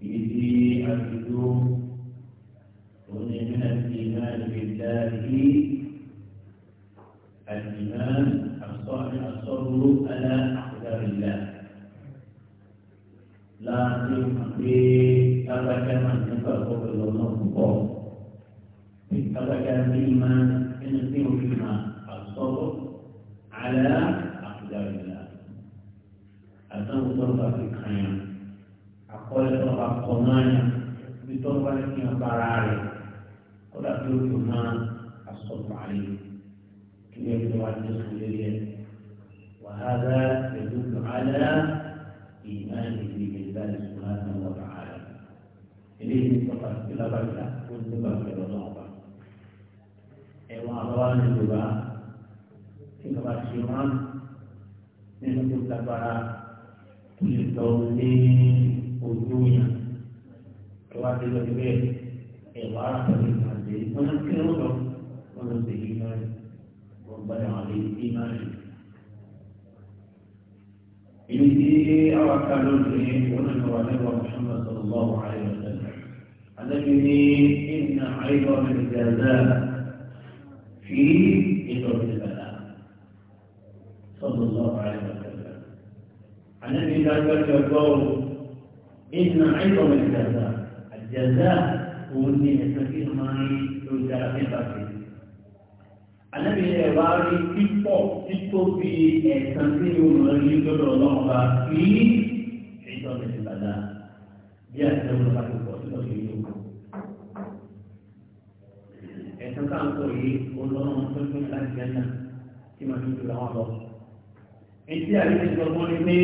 بإذن عبده ومن الإيمان بالله الإيمان الصالح الصبر على أقدار الله لا تنفي أبدا من يفرق بالله أبدا الإيمان sábàtà ó ní bàbá ẹ̀rọ náà wà. ẹ̀wọ̀n àbáwá ní yorùbá tí bàbá ti wá nínú tó dábàrà tó lè tọ́ ní ojú yàn tó wá dé lọ síbẹ̀ ẹ̀wọ̀n arákùnrin ìgbàdé wọn ní kí ló lọ wọn lọ sí yìí náà wọn gbá yàrá lé yìí náà ìdí àwọn akáàlú rèé wọn lè wà lẹ́wọ̀n Muhammad sallallahu alaihi. المؤمنين إن عظم الجزاء في عظم البلاء صلى الله عليه وسلم عن أبي ذر يقول إن عظم الجزاء الجزاء هو أني أستفيد معي لجاذبتي Àlẹ́bí ẹ̀ wá rí pípọ̀ títóbi ẹ̀sán tí ó mọ̀ ní lọ́dọ̀ ọlọ́run bá kí ìtọ́jú ìbàdàn bí àti ọlọ́run bá tó àlùjẹ́nà tí màá tún jùlọ wọn lọ. Ètí àlejò ìjọba ni pé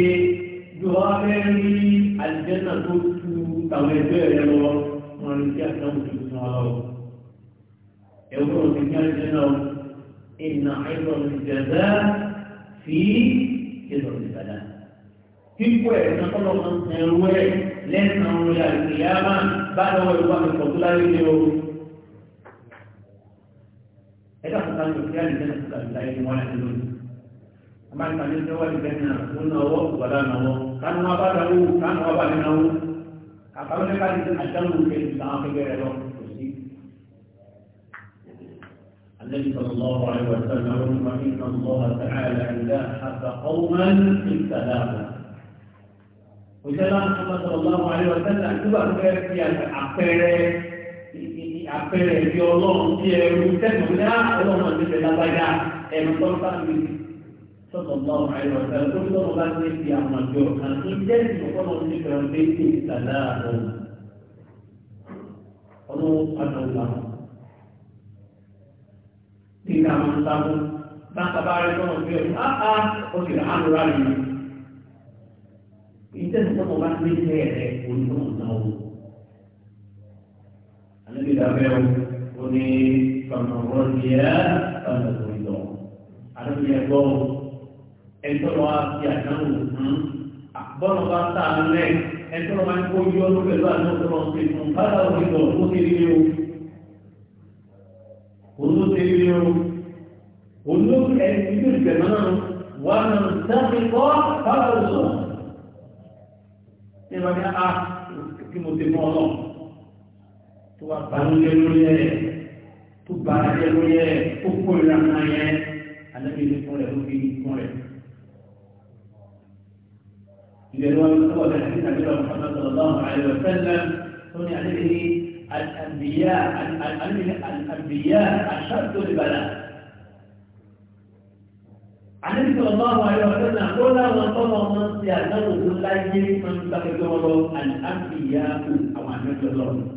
yóò wá fẹ́ rí àlùjẹ́nà tó tu àwọn ẹgbẹ́ rẹ lọ wọn ní kí àtàwọn tó tún wọn lọ. Ẹ̀wọ́n ò ní kí àlùjẹ́nà ìnà àìsàn ìjẹ̀dá fi kéde ìjẹ̀dá. Pípọ̀ ẹ̀ ní kọ́lọ́ kan ẹ̀rú ẹ̀ lẹ́sàn-án orí àlùkìyàmá bá lọ́wọ́ ìwà ìfọ̀túnláyé ni o. àwọn ìgbésẹ̀ ìjẹ́nà ìgbàlẹ̀ ìwọ̀n àti lónìí. àmà ìpàdé tó wà ìgbẹ́ náà ó ná ọwọ́ ìwọ̀lá náwọ́ kánú wá bá dáwó kánú wá bá ní náwó àkàwọn ẹ̀ka ti àdáwó ìgbẹ́ ìgbàwọn akẹgbẹ́ rẹ lọ kò sí. النبي صلى الله عليه وسلم وإن الله تعالى إذا حب قوما ابتلاهم وجل محمد صلى الله عليه وسلم تبقى في العقيده àpẹẹrẹ ìdí ọlọ́run tí ẹrú tẹ̀sán ní ah, ọlọ́run ti fẹ́ lágbájá ẹ̀rù tó bá mi sọ̀tọ̀ bá ọ̀rọ̀ ẹ̀rọ ìfẹ́ tó ń tọ́nu bá ti fi àwọn àjọ kan tó jẹ́ ìfọ̀kọ́nà ah, ah, ti fẹ́ ọ̀dẹ́ ìdí ìtàdá àbọ̀ ọlọ́run àdọ̀gbà nígbà àwọn ìtàbọ̀ láta bá rẹ̀ tọ́nà bí ọ̀dọ̀ áá ó sì rà á lọ́ra rẹ̀ ìtẹ̀sán tó bá ti fẹ́ ẹ̀rẹ̀ òun náà bẹ́ẹ̀ o ní fàmọ̀rọ̀ ni ẹ́ fàmọ̀rọ̀ ìlọ. àdókòyè ẹ̀gbọ́ ẹ̀tọ́ lọ́wọ́ fi àdánwò fún bọ́ọ̀lù bá tà á lẹ́ ẹ̀tọ́ lọ́wọ́ máa ń kó yọ ọ́ pẹ̀lú àdókòrò ṣe fún bàbá òwe lọ kó ṣe rí o. olú ṣe rí o. olú ẹni ìlú ìgbẹ̀ náà wà nà dábì kọ́ bàbá òṣù. ní ìbámu yà á kí mo ti mọ́ ọ náà. tó wà balùwẹ̀ lórí ẹ̀ tó bá ẹ̀jẹ̀ lórí ẹ̀ tó kó ìlànà yẹn alẹ́bí ní fún rẹ̀ ló fi fún rẹ̀. ìgbẹ́ni wọn tó wà lẹ́yìn tàbí ọ̀rọ̀ fọ́nà sọ̀rọ̀ lọ́wọ́ àìlọ́ fẹ́lẹ́ tó ní alẹ́bí ní àbíyá àbíyá àṣàtò ìbàdà. Àdébí sọ̀rọ̀ bá wà yọ ọ̀sẹ̀ náà, ó láwọn tọ́lọ̀ wọn ti àdáwò tó láyé máa ń gbàgbé lọ́wọ́ àti àbíyá àwọn àjọjọ lọ́wọ́.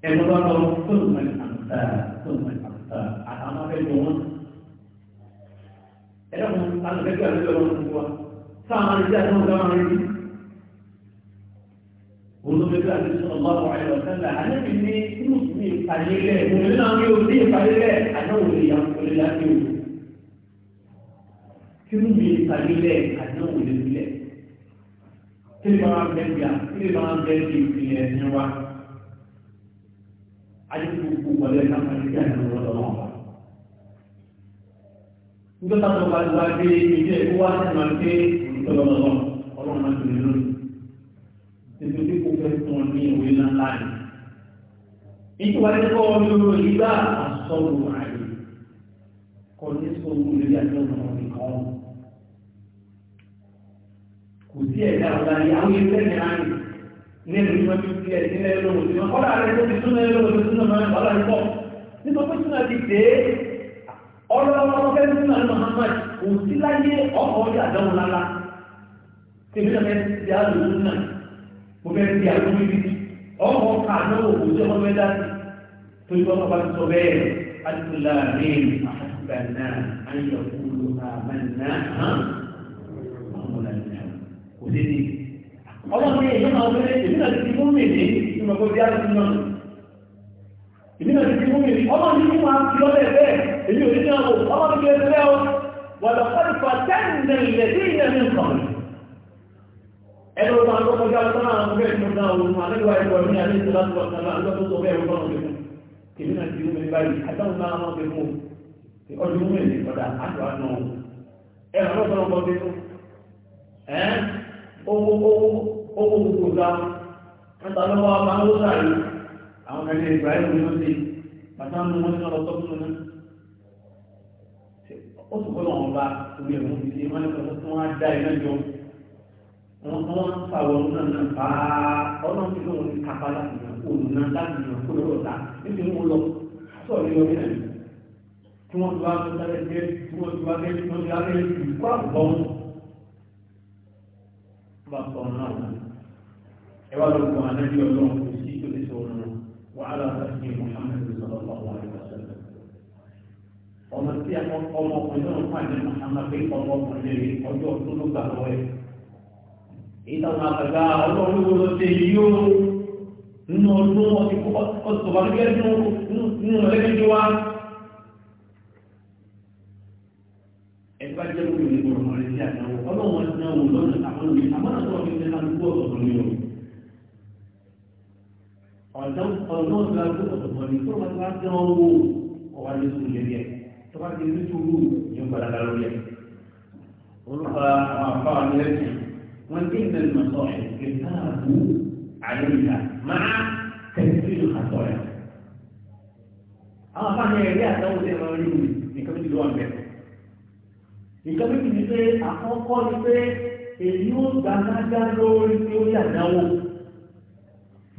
ẹnu bá lọ tó mọ àǹtà tó mọ àǹtà àtàwọn afẹ́jọ wọn. ẹ dẹ́kun alùpẹ́jọ́ àlejò wọn ti wá sáà máa ń rí àti wọn dáwọn rí. olùpẹ́jọ́ àti sọ̀rọ̀ bá wà ẹ̀ lọ́sẹ̀lá àlẹ́bí ní mùsùlùmí ìpàdélẹ̀ mùsùlùmí náà yóò ní ìpàdélẹ̀ àdáwò lè yà wọlé láti òwò. kí mùsùlùmí ìpàdélẹ̀ àdáwò lè sílẹ̀ kí lè kí ayé gbogbo wọlé káfá ní kí àyàn lọ́dọ̀ náà wà. nígbà táwọn ọba ìwà gbé ilé ẹ̀kọ́ wá sí máa gbé olùtọ́lọ́ lọ́wọ́ ọlọ́run máa tẹ̀lé lónìí. tètè tí kò fẹ́ fún ọ ní ìwé ńlá ńlá rẹ̀. nítorí wàá tẹ́kọ̀ lóró ìgbà àsọ̀rọ̀ àyè kọ́ ní sọ̀rọ̀ lórí àtọ́nà nìkan. kò sí ẹ̀dá ọ̀la ni àwọn ilé ẹ̀ nínú ìwọ́n ti fi ẹ̀sìn lẹ́yìn lóhùn sí wọn kọ́lá rẹ̀ tó ti súnmọ́ lóhùn sí súnmọ́ mẹ́rin wàhálà ìpọ̀ nítorí pé súnmọ́ ti dé ọlọ́wọ́ fẹ́ súnmọ́ ní Muhammad kò sí láyé ọkọ̀ ọjà àdánwò lálá tèmi náà fẹ́ ti àlò súnmọ́ mo ọlọ́run èyí máa lórí èmi náà ti ti fún mi ní ìmọ̀gbọ́n bí á ti náà èmi náà ti ti fún mi ní ọlọ́run ní máa fi lọ́lẹ̀ bẹ́ẹ̀ èmi ò ní ní àwọn ọlọ́run bí ẹgbẹ́ ọ wọ̀lọ̀ pẹ́lúpà tẹ́lẹ̀ ilẹ̀ tí ilẹ̀ mi kàn ẹni ọdún àwọn ọmọdé àwọn ọmọdé àwọn ọmọdé ìmúná òun àlẹ́gbà ẹgbẹ́ ní alẹ́ ìṣẹ́lá tó wà náà lọ́tọ́ tó bẹ́ẹ̀ wọ́n lọ́wọ́ èmi náà ti wúmi báyìí àtàwọn náà wọ́n fi mú ọdún wúmi ní ọ̀dà àjọ àná ẹ̀rọ ọ̀dọ́ ọmọdé tó ẹ̀ owó owó ó kó gbogbo ga mẹ́ta ló wá bá ló sáré àwọn kẹlẹ Ibrahim ló ṣe bàtà ń mú wọn lọ sọfún un ó sì gbọ́dọ̀ wọn bá orí ẹ̀ wọn fi ṣe wọn lọ sọfún wọn á dá iná jọ wọn wọn fà wọn náà náà bá Ọlọ́run ti lóun ní kápá láti yàn kó lóun náà láti yàn kó lóun ta níbi mú lọ sọ̀rọ̀ yọ nínú ẹ̀ tí wọ́n ti wá lọ sáré gbé tí wọ́n ti wá gbé tí wọ́n ti wá gbé kó àbọ̀ wọn bá sọ̀rọ̀ náà ẹwà ló kọ anábì ọlọ́run kò sí tó lè sọ ọ̀run wàhálà sàkíyè muhammed sọlọ lọ́wọ́ àyẹ̀wòsàn. ọmọ tí ọmọkùnrin náà pàdé muhammed pé ọmọkùnrin rẹ̀ ọjọ́ tó ló gbà lọ́wọ́ ẹ̀. ìtàn àgbàgbà ọlọ́run wo ló ṣe yí ó nínú ọdún ọtí kó ọtọ̀bà ló gẹ́gẹ́ nínú ọ̀lẹ́gẹ́jọ́ wa. ẹgbẹ́ jẹ́ lórí ìgbọ̀nmọ̀ rẹ̀ sí àdáwọ̀ ọlọ́run wọn ti náà wò lọ́nà àmọ́ ọ̀dọ́n ọ̀dọ́n ọ̀dọ́ ọ̀dọ́ ní tó wọ́n ti wá dán owó ọ̀wá ní sùn lórí ẹ̀ tó bá ti rí sùúrù ní gbàdàgbà lórí ẹ̀. olùkọ́ àwọn àbá wa ní ẹ̀sìn wọ́n ti ń bẹ̀rẹ̀ mọ̀tọ́ ẹ̀ kí káàbù àlejò máa tẹ̀sí ìlú àtọ̀ ẹ̀. àwọn afáàní ẹ̀rí àtọ́wò tẹ̀ máa rí nìkan méjì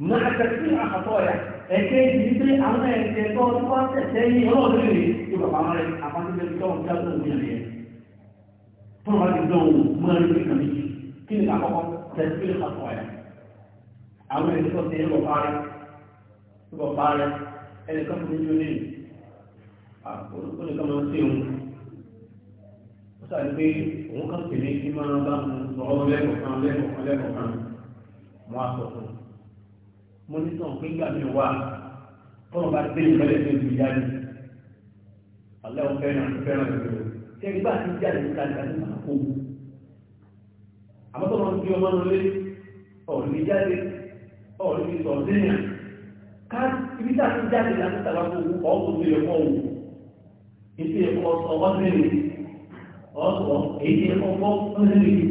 nàkàtí àkàtọ̀ yà ẹ̀kẹ́ yìí pé àwọn ẹ̀kẹ́ tó ń wá tẹ̀sẹ̀ yìí ọlọ́ọ̀dún rẹ̀ yóò bàbá wọn rẹ̀ àbájúmẹ́ tó ń jáde òun yẹn rẹ̀ tó ń wá ti dán òun mọ́ ẹni pé kàmí kí ni àkọ́kọ́ tẹ̀sí àkàtọ̀ yà àwọn ẹ̀kẹ́ tó ti ń bọ̀ parí bọ̀ parí ẹni kan fún yóò ní olùkọ́ni kan máa ń ṣe òun ó sàrí pé òun kan tèmi kí máa bá òun sọ̀rọ̀ lẹ́kọ̀ọ́ kan lẹ́kọ̀ọ́ kan lẹ́kọ̀ọ́ kan mọ́ àtọ̀ fún un mo ní sàn pé gbàgbé wà tọ́nà bá gbé ìfẹ́lẹ̀ tó ti jáde alẹ́ ò fẹ́ràn fẹ́ràn ìlú sẹ́yìn bá ti jáde níta níta ní àkó àmọ́ tọ́nà bí ọmọ náà lé ọ̀rẹ́ jáde ọ̀rẹ́ sọ̀rọ̀ sẹ́yìn ká ibi tá a ti jáde láti tàbá kó ọ̀pọ̀ tó yẹ kọ́ wò ètò ẹ̀kọ́ ọ̀pọ̀ sẹ́yìn ọ̀pọ̀ èyí ẹ̀kọ́ ọ̀pọ̀ sẹ́yìn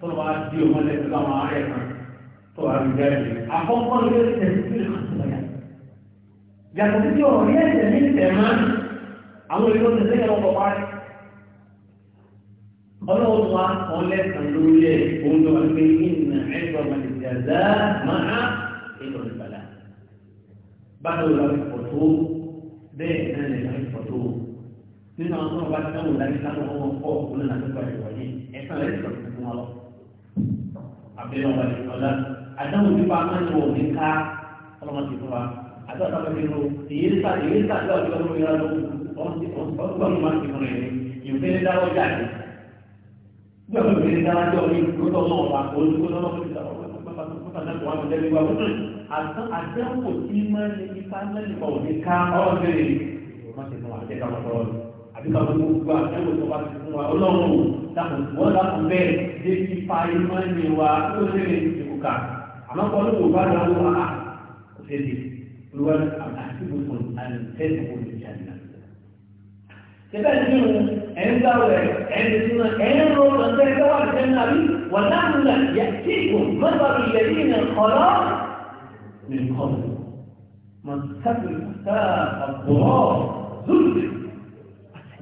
tọ́nà bá di ọmọ lẹ́sẹ̀ láwọn ará tó a lè bẹ́ẹ̀ àkọ́kọ́ ló lè tẹ̀lé sí ìlànà yàtọ̀ sí ọ̀rọ̀ yẹ́ ìtẹ̀lé ìtẹ̀má àwọn ìlú ti sẹ́yìn ọkọ̀ parí ọlọ́run wa kan lẹ́sàn lórí ẹ̀ òun lọ pé ìnà ẹ̀sọ́ máa ti jàdá máa ìlọ ìbàdà báwo la fi pọ̀ tó bẹ́ẹ̀ náà lè la fi pọ̀ tó nínú àbẹ̀rẹ̀ ọ̀la ìfọ̀lá àdáhùn nípa amáyẹ̀wò ní ká ọlọ́mọ ti fún wa àti ọ̀tá pẹ̀lú ìlú èyí ń sá èyí ń sá àti ọ̀tá pẹ̀lú ìlú ọ̀gbọ́n máa ti fún rẹ̀ ìfẹ́ ní dáwọ́ jáde gbọ́dọ̀ ìfẹ́ ní dáwọ́ jọ ní ìgbọ́dọ̀ náà wà olùkọ́ náà fi sọ̀rọ̀ àdáhùn tí máa ń ní ipa mẹ́lìkọ̀ ní ká ọ̀rọ̀ àbí káwọn ní gbogbo àtẹ́wò tó bá ti fún wa ọlọ́run dàpọ̀ wọ́n dàpọ̀ bẹ́ẹ̀ dé fi fa iná ní wa tó ṣe lè ti kú ká àmọ́ kọ́ ló kò bá lọ wá kò ṣe lè olúwa àti ìbùsùn àti ìtẹ́sí kò lè jáde náà. Tẹ́lẹ̀ ní o, ẹ̀ ń gbà wẹ̀, ẹ̀ ń sinmi, ẹ̀ ń ro ọ̀sẹ̀ ẹgbẹ́ wà ní sẹ́yìn àbí wà láàmúlà yẹ kí ìgò mọ́tò ilẹ̀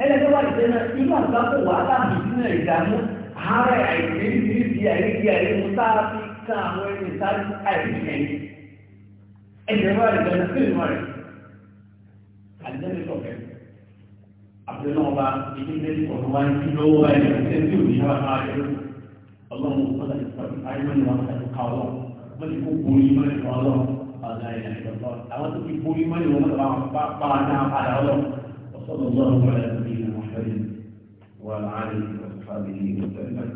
ẹlẹ́gbẹ́ wà lùdẹ́ náà inú àgbà kò wá láàbì nínú ìdààmú ààrẹ àìrírírí àìrírí àìrírí tá a fi kan àwọn ẹni ìsáájú àìrírí ẹ̀yìn ẹgbẹ́ wà lùdẹ́ náà sí ìmọ̀ rẹ̀ àdìdẹ́ni sọ̀kẹ́ àbúrò náà bá ìdílé ọ̀rọ̀ wá ní lọ́wọ́ ẹni ìṣẹ́jú ìyára máa yẹ ọlọ́run ọ̀sán àti ìpàdé ayélujára wọn àti kàwọ́ wọ́n ti kó borí mọ́ ẹ̀kọ́ ọlọ́run ọ̀la ìlànà ìdọ̀tọ́ àwọn tó ti borí mọ́ ẹ̀kọ́ ọlọ́run bá pa náà padà ọlọ́run صلى الله على نبينا محمد وعلى اله واصحابه وسلم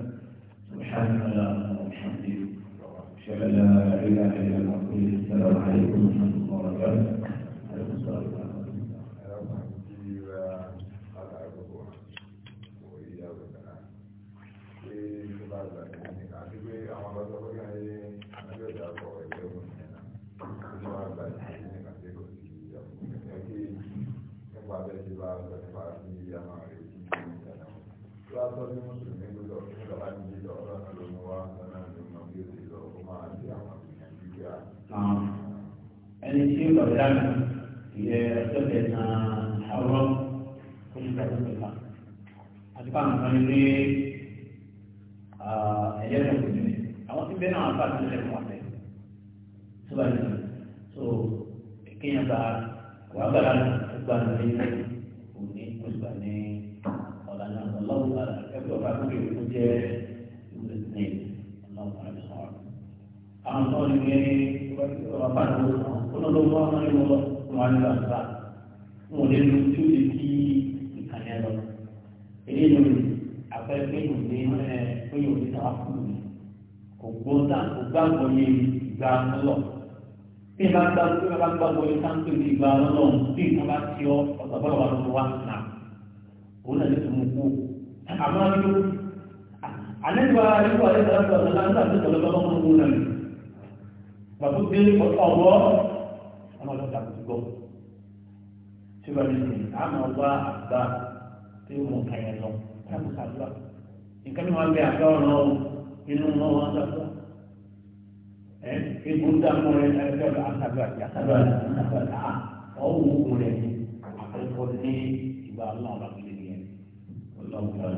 سبحانك لا وبحمدك اشهد ان لا اله الا الله السلام عليكم ورحمه الله وبركاته عليكم السلام ورحمه الله وبركاته tó ní mùsùlùmí gbọdọ̀ fún ìjọba ní jíjọ ọ̀rọ̀ náà ló ń wá lọ́nà ló mọ bí ó ti lọ ó máa di àwọn ènìyàn jíjà. ẹni tí ó lọ dáná ìyẹ ẹjọ́ kẹsàn-án àwọ̀ kó ní ká tó ń bá àti bá kan ní ẹ̀yẹ tó kù ní àwọn tí bẹ́ẹ̀ náà bá tó lẹ́nu wọn bẹ́ẹ̀ tó bá yẹn so kéèyàn bá wàá gbàdá gbàdá ní òní oṣù gbàdá àwọn ní ní ọ̀pá tó kọ́nà ló wọ́n máa ń lọ wọn ní ọ̀sá wọn ò lè lu tí ó lè kí ìkànnì ẹ lọ. èyí ló ní àpẹẹrẹ pé kò ní ẹ pé yóò ní sáwà fún mi kò gbọ́dá kò gbàgbọ́ ní ìgbà lọ. bí ìbá gbà bí ìbá gbàgbọ́ ní sáńtò ní ìgbà lọ bí ìbá bá ti ọ ọ̀sán bọ́lá wà lọ́wọ́ wà nà òun náà lè tún mú kú. àmọ́ àlejò àlejò àlejò àlejò àlejò àlejò àlejò àlejò àlejò gbàtó dé ọ̀gbọ́ ọmọdé ọ̀gá tó gbọ́ tí wọ́n lè sìn àmọ́ wá àgbà tí ó mú kàyà lọ táàbù sàdúrà nǹkan tí wọ́n bẹ àgbà ọ̀nà inú mọ́ wọn sàdúrà ẹ egbò ń dààmú rẹ ẹgbẹ́ ọ̀gá àtàdúrà tí àtàdúrà tí àtàdúrà tí a ọ̀hún òkun rẹ ní àkọ́kọ́ ní ìgbà aláwọ̀ àbúlé yẹn ọlọ́run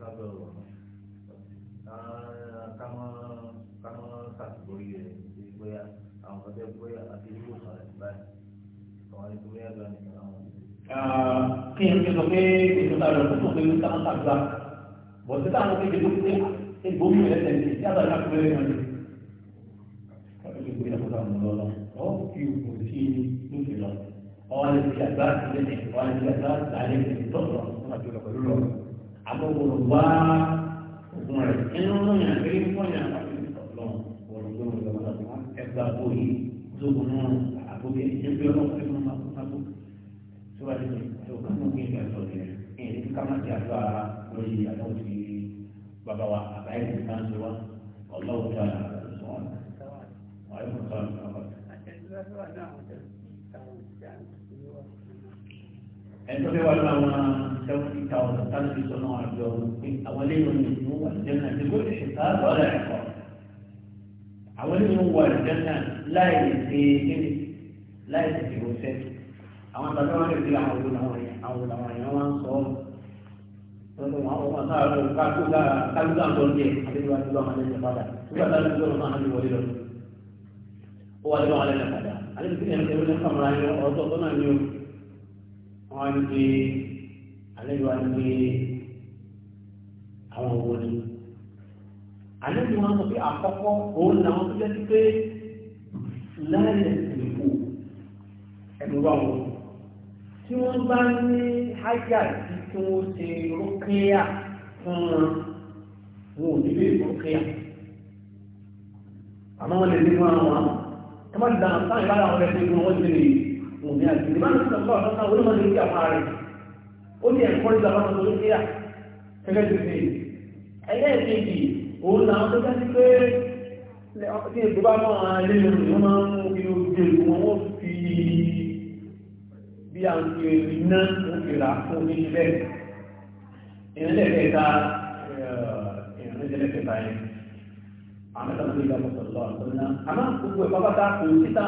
kámọ́ kámọ́ kàtìgórí rẹ̀ ṣe bóyá àwọn kan tẹ́ bóyá àti ìlú kan rẹ̀ báyìí àwọn ètò bóyá lọ nìkan àwọn. kí n ṣe sọ pé ètò náà lọ tó pé kámọ́ kàtìgá bọ̀ sí àbọ̀wọ̀lùwà ògùn rẹ̀ ẹnu lóyún àgbélé fọyín àpàtì ọlọ́run wọ̀lùwà ògùn rẹ̀ ẹgbà bóyí lóògùn náà àbókè ẹgbẹ́ ọlọ́run fẹ́ fún ọmọ tó bá dé tó kàn mú kí n kà sọ̀rọ̀ yẹn ẹ̀yìn ní ká má ti àdó ara lórí àdáwò tí bàbá wa àbáyé ti ká ń sọ wa ọlọ́wọ́ tó ara sọ wọn. wàá yóò sọ àwọn ọmọ ẹ̀ tó fẹ́ wà lọ́wọ́ thousand tàbí fi sọ́nà àjọ pé àwọn eléyìí ní ìlú wà jẹ́nà tí kò lè ṣètà lọ́dà ẹ̀kọ́ àwọn eléyìí wà jẹ́nà láì ṣe kíni láì ṣe ìwò sẹ́ àwọn tàbí wọn lè fi àwọn òwò làwọn yẹn àwọn òwò làwọn yẹn wọn sọ lọ́dọ̀ wọn àwọn ọmọ sáà lọ kájú kára kájú kára tó ń jẹ àdéhùn àti lọ́mọ alẹ́ ìjọba nígbà tá a lè lọ́mọ alẹ́ wọlé lọ ó wà lọ́mọ alẹ́ ìjọba alẹ́ ìjọba alẹ́ ìjọba ọ̀tọ̀ tó náà ní o wọn á ní alẹ́ wa ni pé àwọn owó ni alẹ́ ni wọ́n sọ pé àkọ́kọ́ òun làwọn tó jẹ́ sí pé láàrin ẹ̀sìn ìfò ẹ̀mú bá wọn tí wọ́n bá ní hájà sí tí wọ́n ṣe rókèyà fún wọn ò ní lè rókèyà àmọ́ wọn lè ní wọn àwọn tọ́mọ́tì dáná sáyẹn bá àwọn ẹgbẹ́ tí ti lè wọ́n ní àti ìdíbànú sọ̀tọ̀ ọ̀sán náà wọ́n lè máa ń lè ní àwọn ààrẹ ó ní ẹ̀kọ́ ìgbà wọn lórí kíá gẹ́gẹ́ bí mi ẹlẹ́ẹ̀kejì òun làwọn tó dá sí pé ní ètò bá máa lé lórí wọn máa ń fi ojú èlò wọn wọ́n fi bí àwọn fi èlò iná wọn fi rà fún mi bẹ́ẹ̀ ìrìnlẹ̀kẹta ìrìnlẹ̀kẹta yẹn àmẹ́ta ló ń gbà mọ́tò àtọ́nà àmọ́ gbogbo ìpápátá kò sí tá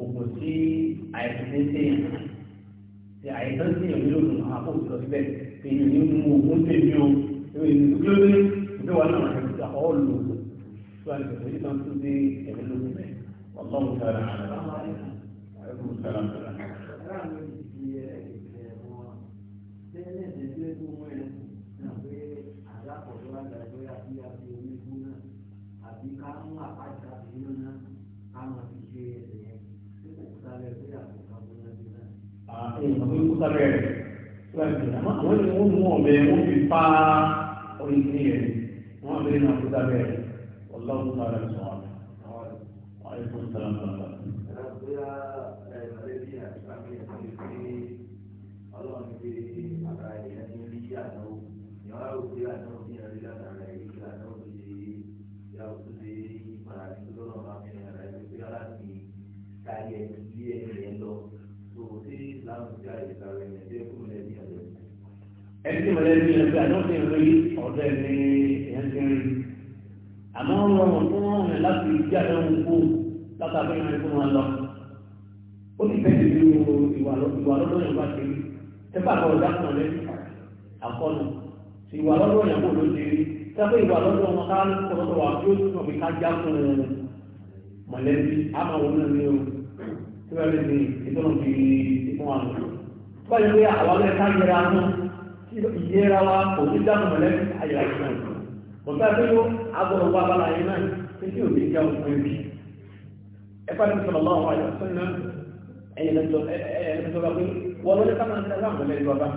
oògùn tí àìsàn ti ń sèyàn tí àìsàn ti yàn nílò nù àpò ìtọ́ síbẹ̀ èyí ni mo oògùn tè mí o èyí ni kí ló dé ìfẹ́ náà ti gbà ọ́ lò ó tí wàá nìkan èyí kan tún dé ẹ̀mí lóko mẹ́ ọlọ́run sára sára sára. èèyàn tó kú sábẹ́ rẹ̀ tó bá ti àmọ́ àwọn ènìyàn wọ́n mú ọ̀bẹ wọ́n fi pa orí sí rẹ̀ wọ́n abẹ́rẹ́ náà kú sábẹ́ rẹ̀ ọlọ́run sára sọ ti àgbà ìyẹn ní ilé yàtọ̀ ìyàwó ẹni tí wọ́n lé ní ẹgbẹ́ àdókè rí ọ̀dọ́ ẹni ẹni tí ń rí àmọ́ wọn rọrùn fún wọn rìn láti ìdí àdáhùn kú látàbí ìrìn fún wọn lọ ó ti fẹ́ẹ́ ju ìwà lọ́dọ̀ yẹn wá kiri ẹgbẹ́ àgbà ọ̀dà kan lé àkọlù ìwà lọ́dọ̀ yẹn kò ló diri sábẹ́ ìwà lọ́dọ̀ wọn ká lọ́dọ̀ wà kí ó tún ọ̀bì ká já fún un mọ̀lẹ́bí àmọ́ wọn náà ní o tí wọ́n lè ní ìtọ́nà fi fún wa báyìí pé àwọn ẹ̀ka yẹra fún ìyẹra wa kò ní dáhùn mọ̀lẹ́bí ayọ̀ àìsàn bọ̀dá tó yó agbọ̀rọ̀ wa bá láyé náà tí tí ò ní jẹ́ òkú ẹbí ẹ̀fà tó sọ̀rọ̀ lọ́wọ́ àyọ̀ sọ́nà ẹ̀yìn lẹ́tọ́ bá pé wọ́n lọ́dẹ́ ká máa ń dáhùn mọ̀lẹ́bí wa bá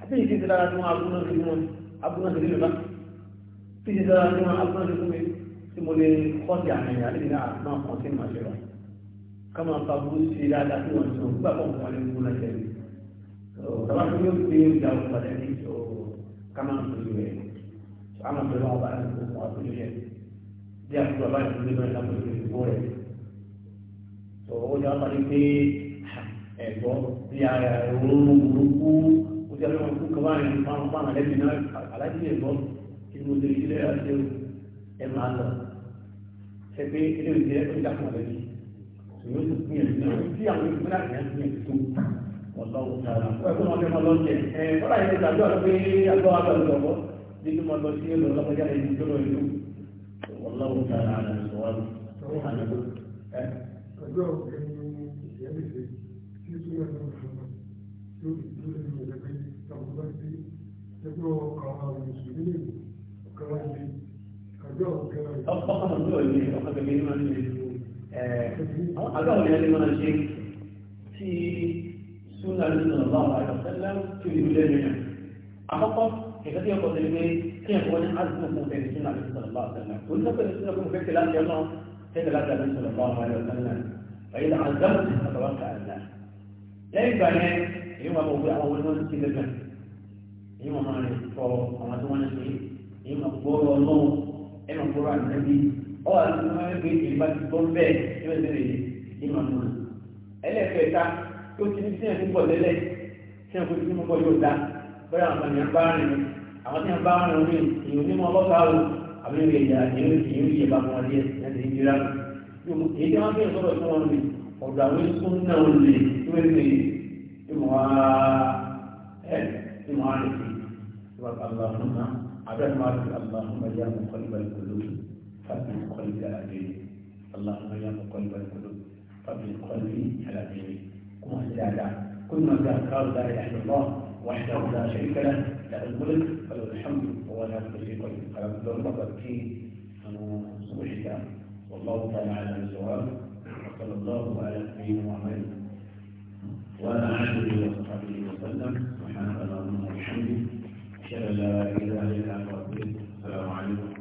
àti ìdí ti dára tí wọ́n abúná sí wọn abúná sí wọn bá tí ìdí dára tí wọ́n abúná sí wọn tí mo lè kọ́ di àmì طبعا اليوم في جو مدني وكمان في اليوم عمل بالله بعد في اليوم دي أفضل الله يقول لنا الأمر في البورة فهو جاء طريقي ẹ̀gbọ́ bí ara ìrònú burúkú ó ti alẹ́ wọn kú kaba yẹn fáwọn fáwọn alẹ́bí náà alájí ẹ̀gbọ́ kí mo lè ṣe lẹ́yà ṣe ẹ máa lọ ṣe pé ilé ìjẹ́ ó ti dàpọ̀ alẹ́bí ṣùgbọ́n ó ti pín ẹ̀ sí àwọn ìpínlẹ̀ àti ẹ̀ ń pín ẹ̀ tó ọlọ́wọ́ tààrà ẹ̀kọ́ wọn fẹ́ mọ lọ́jẹ̀ ẹ̀ fọ́nà yìí ti tàbí ọ̀dọ́ pé àgbọ̀ àgbàlùdọ̀gbọ́ nínú mọ lọ sí ẹ̀rọ ọlọ́kọjá ẹni tó lọ ìlú ọlọ́wọ́ tààrà àdàlùsọ̀wọ́lù ọjọ́ ẹni ìyẹ́lẹ́sẹ̀ tí ó tún yàtọ̀ ìfọ̀mọ́ tí ó tún lè ní ẹgbẹ́ ìtàkùnbá sí ẹgbẹ́ ọkàn àwọn mùsùlùmí lè ọkàn wọn lè àjọ ọ̀gá rẹ̀. ọkàn ọjọ́ ìlú ọkàn tẹ̀lé ní wọn lè àwọn àjọ ọ̀gá rẹ̀ máa ṣe tí سنة رسول الله عليه وسلم في الولاية جميعا أفقط حيث يقول لي كيف هو نحن عزم سنة رسول الله عليه وسلم وإذا كنت رسول الله في الكلام يا الله هنا لا تعلم رسول الله عليه وسلم فإذا عزمت أتوقع الله لا يبقى هي هو موضوع أول من سيد الجنة هي هو معنى فور وما تمنى شيء هي هو فور والنور هي هو فور عن النبي أو أنه ما يبقى يبقى فور بيت هي هو سيد الجنة هي هو فور ألا فيتا tó ti ní sí ẹni bọ̀ lẹ́lẹ̀ tí ẹni kò ti ní mọ́ bọ̀ yóò dá bẹ́ẹ̀ àwọn ènìyàn bá rìn àwọn tí wọ́n bá rìn orí ìyóò ní mọ́ ọlọ́pàá o àbí ìyá ìyóò ìyóò yẹ bá wọn lé ẹni ìdíra èyí tí wọ́n fi ìsọ̀rọ̀ tí wọ́n lè ọ̀dọ̀ àwọn ìsún náà lè tó lè ìmọ̀ ẹ̀ ìmọ̀ àrẹ̀ sí ìwàkà aláhùnmá àbẹ́mọ̀ àti aláhùnmá yá mọ̀ kọ́líbàlì kòló fàbí kọ́líbàlì àdéhùn aláhùnmá yá mọ̀ kọ́líbàlì kòló fàbí kọ́líbàlì àdéhùn كل من كان قال لا اله الا الله وحده لا شريك له له الملك وله الحمد وهو لا شريك له على لو فقط في صبح والله تعالى على الجواب وصلى الله على نبينا محمد وعلى اله وصحبه وسلم سبحانك اللهم وبحمدك اشهد ان لا اله الا انت السلام عليكم